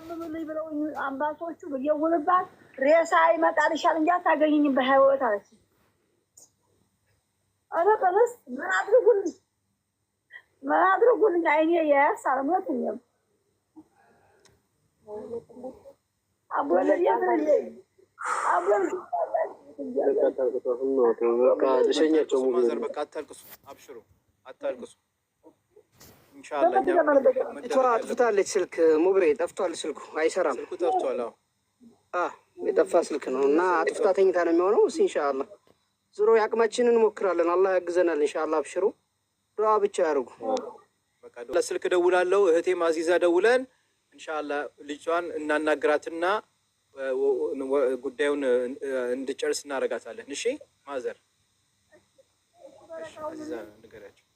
አሳምኑልኝ ብለው አምባሶቹ የውልባት ሬሳ ይመጣልሻል እንጂ አታገኝኝም በህይወት አለች። አረ በለስ ምን አድርጉልኝ፣ ምን አድርጉልኝ። አይኔ የያስ አልሞትኝም። አጎልል ያፍርልኝ አጎል ልሸኛቸው። በቃ አታልቅሱ፣ አብሽሩ፣ አታልቅሱ ቶራ አጥፍታለች። ስልክ ሙብሬ ጠፍቷል። ስልኩ አይሰራም። የጠፋ ስልክ ነው እና አጥፍታ ተኝታ ነው የሚሆነው። እስ እንሻላ ዙሮ የአቅማችንን እንሞክራለን። አላህ ያግዘናል። እንሻላ አብሽሩ፣ ዱዓ ብቻ ያርጉ። ስልክ ደውላለሁ። እህቴ ማዚዛ ደውለን እንሻላ ልጇን እናናግራትና ጉዳዩን እንድጨርስ እናደርጋታለን። እሺ ማዘር አዚዛ ንገሪያቸው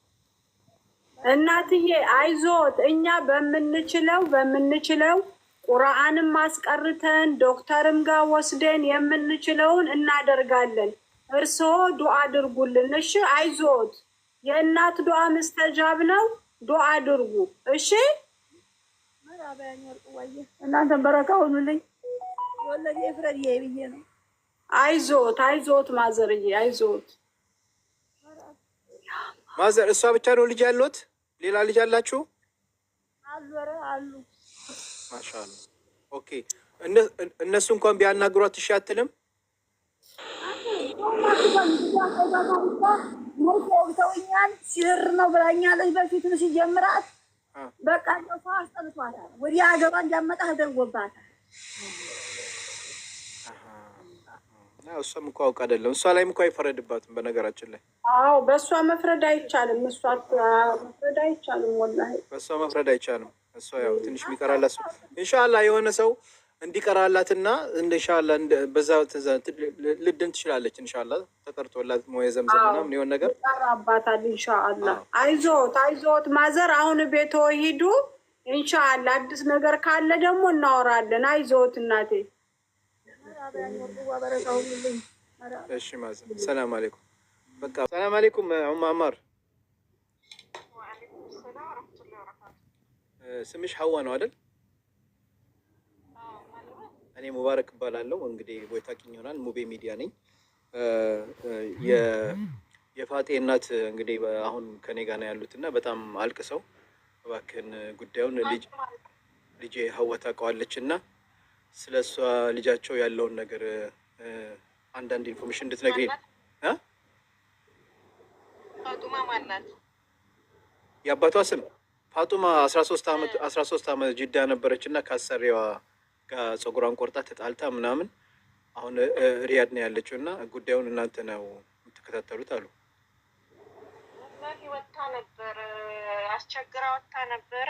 እናትዬ አይዞት፣ እኛ በምንችለው በምንችለው ቁርአንም አስቀርተን ዶክተርም ጋር ወስደን የምንችለውን እናደርጋለን። እርስዎ ዱአ አድርጉልን። እሺ፣ አይዞት። የእናት ዱዓ ምስተጃብ ነው። ዱዓ አድርጉ። እሺ፣ እናንተን በረካ ነው። አይዞት ማዘርዬ፣ አይዞት። ማዘር እሷ ብቻ ነው ልጅ ያለት? ሌላ ልጅ አላችሁ? አሉ። ማሻአላ። ኦኬ። እነሱ እንኳን ቢያናግሯት እሺ አትልም? ተውኛል ሲር ነው ብላኛለች። በፊት ምስ ጀምራት በቃ ሰው አስጠልቷታል። ወዲያ አገባ እንዳመጣ አድርጎባታል። እሷም እኮ አውቅ አይደለም እሷ ላይም እኮ አይፈረድባትም። በነገራችን ላይ አዎ፣ በእሷ መፍረድ አይቻልም። እሷ መፍረድ አይቻልም። ወላሂ በእሷ መፍረድ አይቻልም። እሷ ያው ትንሽ የሚቀራላት ሰው እንሻላ የሆነ ሰው እንዲቀራላትና እንሻላ በዛ ልድን ትችላለች። እንሻላ ተቀርጦላት ሞ የዘምዘምና ምን የሆነ ነገር ይቀራባታል። እንሻላ አይዞት፣ አይዞት ማዘር። አሁን ቤቶ ሂዱ። እንሻላ አዲስ ነገር ካለ ደግሞ እናወራለን። አይዞት እናቴ እሺ ማዘ ሰላም አለይኩም። በቃ ሰላም አለይኩም ኡማማር። ስምሽ ሀዋ ነው አይደል? እኔ ሙባረክ እባላለሁ። እንግዲህ ወይ ታውቂኝ ይሆናል። ሙቤ ሚዲያ ነኝ። የፋጤ እናት እንግዲህ አሁን ከኔ ጋር ነው ያሉት እና በጣም አልቅሰው እባክህን ጉዳዩን ልጅ ልጄ ሀዋ ታውቀዋለች እና ስለ እሷ ልጃቸው ያለውን ነገር አንዳንድ ኢንፎርሜሽን እንድትነግሪ ነው። ፋጡማ ማናት? የአባቷ ስም ፋጡማ። አስራ ሶስት አመት ጅዳ ነበረች እና ከአሰሪዋ ጋር ፀጉሯን ቆርጣ ተጣልታ ምናምን አሁን ሪያድ ነው ያለችው እና ጉዳዩን እናንተ ነው የምትከታተሉት አሉ። ወታ ነበረ አስቸግራ ወታ ነበረ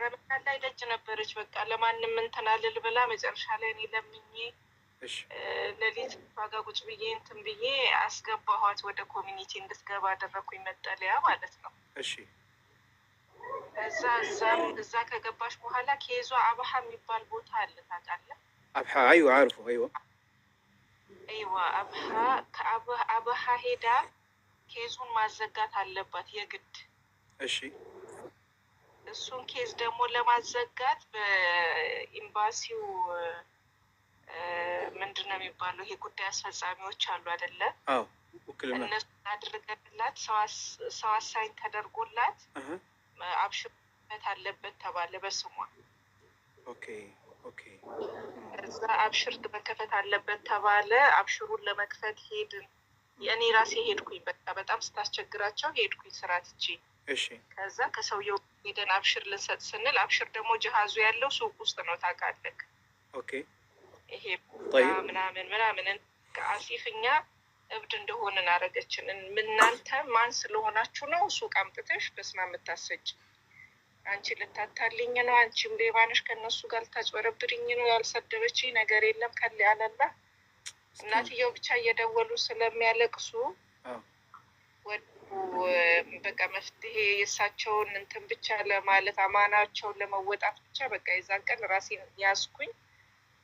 ረመዳን ላይ ደጅ ነበረች። በቃ ለማንም አልል ብላ መጨረሻ ላይ እኔ ለምኜ ለሊት ዋጋ ቁጭ ብዬ እንትን ብዬ አስገባኋት ወደ ኮሚኒቲ እንድትገባ አደረኩኝ። መጠለያ ማለት ነው። እሺ እዛ እዛም እዛ ከገባሽ በኋላ ከይዟ አብሃ የሚባል ቦታ አለ ታውቃለህ? አብሃ አዩ አርፎ አይዋ አይዋ አብሃ ከአብሃ ሄዳ ኬዙን ማዘጋት አለባት የግድ እሺ እሱን ኬዝ ደግሞ ለማዘጋት በኤምባሲው ምንድን ነው የሚባለው ይሄ ጉዳይ አስፈጻሚዎች አሉ አይደለ? እነሱ አድርገንላት ሰው ተደርጎላት አብሽበት አለበት ተባለ በስሟ እዛ አብሽር መከፈት አለበት ተባለ። አብሽሩን ለመክፈት ሄድን። የእኔ ራሴ ሄድኩኝ። በቃ በጣም ስታስቸግራቸው ሄድኩኝ ስራ ትቼ ከዛ ከሰውየው ሄደን አብሽር ልንሰጥ ስንል አብሽር ደግሞ ጀሃዙ ያለው ሱቅ ውስጥ ነው ታውቃለህ። ይሄ ምናምን ምናምንን ከአሲፍ እኛ እብድ እንደሆንን አረገችን። እናንተ ማን ስለሆናችሁ ነው ሱቅ አምጥተሽ በስማ የምታሰጅ? አንቺ ልታታልኝ ነው፣ አንቺም ሌባ ከእነሱ ጋር ልታጭበረብርኝ ነው። ያልሰደበች ነገር የለም። ከል ያለላ እናትየው ብቻ እየደወሉ ስለሚያለቅሱ በቃ መፍትሄ የእሳቸውን እንትን ብቻ ለማለት አማናቸውን ለመወጣት ብቻ በቃ የዛን ቀን ራሴን ያዝኩኝ።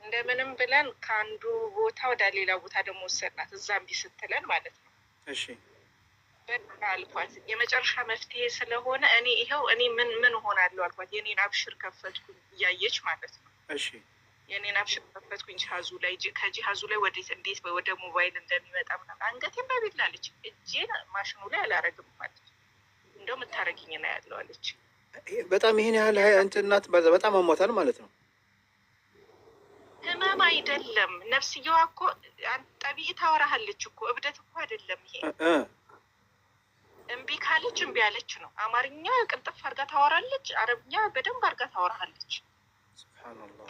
እንደምንም ብለን ከአንዱ ቦታ ወደ ሌላ ቦታ ደግሞ ወሰድናት። እዛም ቢስትለን ማለት ነው። እሺ በቃ አልኳት፣ የመጨረሻ መፍትሄ ስለሆነ እኔ ይኸው እኔ ምን ምን እሆናለሁ አልኳት። የኔን አብሽር ከፈትኩኝ እያየች ማለት ነው። እሺ የኔን አፕሽ ከፈትኩኝ ጂሃዙ ላይ ሀዙ ላይ ወዴት እንዴት ወደ ሞባይል እንደሚመጣ ምናምን አንገቴን በቤት ላለች እጄን ማሽኑ ላይ አላረግም አለች። እንደው ምታረግኝ ና ያለው አለች። በጣም ይህን ያህል እንትን እናት በጣም አሟታል ማለት ነው። ህመም አይደለም ነፍስየዋ እኮ ጠቢዕ ታወራሃለች እኮ እብደት እኮ አይደለም ይሄ። እምቢ ካለች እምቢ ያለች ነው። አማርኛ ቅልጥፍ አርጋ ታወራለች፣ አረብኛ በደንብ አርጋ ታወራሃለች።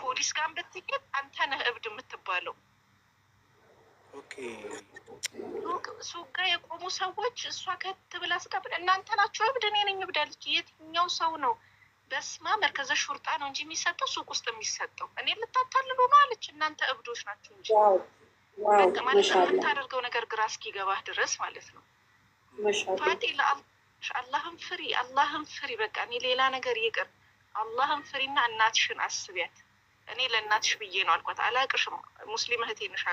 ፖሊስ ጋር ብትሄድ አንተ ነህ እብድ የምትባለው። ሱቅ ጋር የቆሙ ሰዎች እሷ ከት ብላ ስቀብል እናንተ ናቸው እብድ፣ እኔ ነኝ እብድ አለች። የትኛው ሰው ነው በስማ መርከዘ ሹርጣ ነው እንጂ የሚሰጠው ሱቅ ውስጥ የሚሰጠው እኔ የምታታልሉ ነው አለች። እናንተ እብዶች ናቸው እንጂ ማለት የምታደርገው ነገር ግራ እስኪገባህ ድረስ ማለት ነው። ፋጤ አላህን ፍሪ፣ አላህን ፍሪ። በቃ እኔ ሌላ ነገር ይቅር አላህን ፍሪና እናትሽን አስቢያት። እኔ ለእናትሽ ብዬ ነው አልኳት። አላቅሽም፣ ሙስሊም እህቴ ነሽ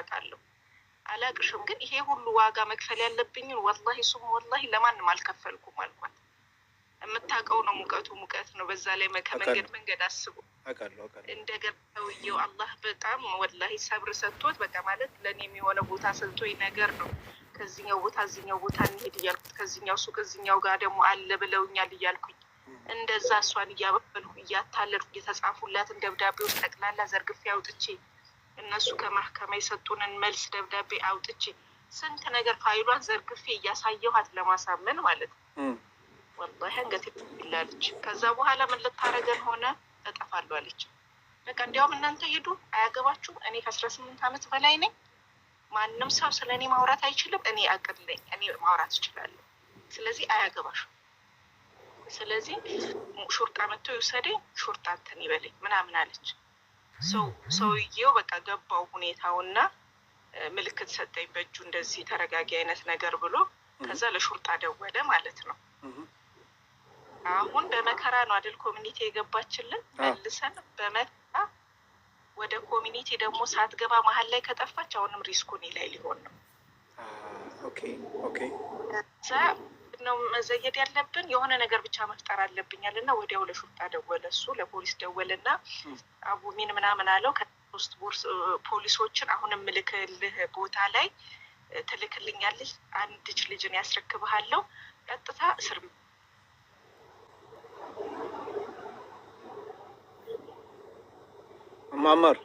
አላቅሽም። ግን ይሄ ሁሉ ዋጋ መክፈል ያለብኝን ወላሂ ሱም ወላሂ ለማንም አልከፈልኩም አልኳት። የምታውቀው ነው ሙቀቱ፣ ሙቀት ነው። በዛ ላይ ከመንገድ መንገድ አስቡ። እንደገና ሰውየው አላህ በጣም ወላሂ ሰብር ሰጥቶት በቃ ማለት ለእኔ የሚሆነ ቦታ ሰጥቶኝ ነገር ነው ከዚኛው ቦታ እዚኛው ቦታ እንሄድ እያልኩት ከዚኛው ሱቅ እዚኛው ጋር ደግሞ አለ ብለውኛል እያልኩኝ እንደዛ እሷን እያበበልኩ እያታለልኩ የተጻፉላትን ደብዳቤዎች ጠቅላላ ዘርግፌ አውጥቼ እነሱ ከማህከማ የሰጡንን መልስ ደብዳቤ አውጥቼ ስንት ነገር ፋይሏን ዘርግፌ እያሳየኋት ለማሳመን ማለት ነው። ወላሂ አንገቴ ይላለች። ከዛ በኋላ ምን ልታረገን ሆነ እጠፋለሁ አለች። በቃ እንዲያውም እናንተ ሄዱ አያገባችሁም። እኔ ከአስራ ስምንት ዓመት በላይ ነኝ። ማንም ሰው ስለ እኔ ማውራት አይችልም። እኔ አቅድ ነኝ። እኔ ማውራት እችላለሁ። ስለዚህ አያገባሽም ስለዚህ ሹርጣ መጥቶ ይውሰደኝ፣ ሹርጣ እንትን ይበለኝ ምናምን አለች። ሰውዬው በቃ ገባው ሁኔታውና ምልክት ሰጠኝ በእጁ እንደዚህ ተረጋጊ አይነት ነገር ብሎ ከዛ ለሹርጣ ደወለ ማለት ነው። አሁን በመከራ ነው አይደል ኮሚኒቲ የገባችልን መልሰን በመከራ ወደ ኮሚኒቲ ደግሞ ሳትገባ መሀል ላይ ከጠፋች አሁንም ሪስኩ እኔ ላይ ሊሆን ነው። ኦኬ ኦኬ ነው መዘየድ ያለብን። የሆነ ነገር ብቻ መፍጠር አለብኛል እና ወዲያው ለሹጣ ደወለ። እሱ ለፖሊስ ደወለ እና ሚን ምናምን አለው። ከሶስት ፖሊሶችን አሁን ምልክልህ ቦታ ላይ ትልክልኛለች አንድች ልጅን ያስረክብሃለው ቀጥታ እስር ማማር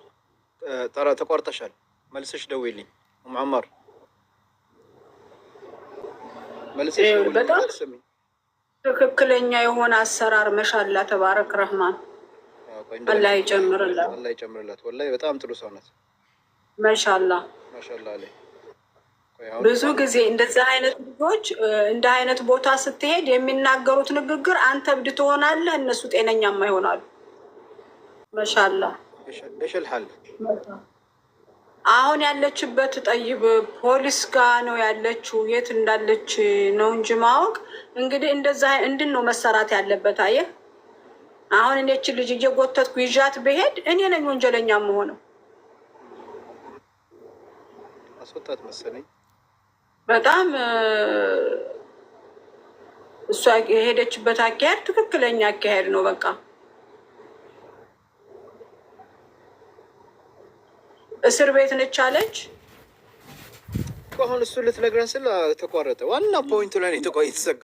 ተቋርጠሻል። መልሰሽ ደውልኝ ማማር በጣም ትክክለኛ የሆነ አሰራር መሻላ ተባረክ ረህማን አላህ ይጨምርላት፣ አላህ ይጨምርላት። ወላሂ በጣም ጥሩ ሰው ናት። ማሻላ ማሻላ። ብዙ ጊዜ እንደዚህ አይነት ልጆች እንደ አይነት ቦታ ስትሄድ የሚናገሩት ንግግር አንተ እብድ ትሆናለህ፣ እነሱ ጤነኛማ ይሆናሉ። መሻላ እሽልሃል አሁን ያለችበት ጠይብ ፖሊስ ጋር ነው ያለችው። የት እንዳለች ነው እንጂ ማወቅ እንግዲህ እንደዛ እንድን ነው መሰራት ያለበት። አየ አሁን እኔችን ልጅ እየጎተትኩ ይዣት ብሄድ እኔ ነኝ ወንጀለኛ መሆነው። አስወጣት መሰለኝ በጣም እሷ የሄደችበት አካሄድ ትክክለኛ አካሄድ ነው በቃ እስር ቤት ነች አለች። አሁን እሱ ልትነግረን ስለ ተቋረጠ ዋና ፖይንቱ ላይ የተዘጋ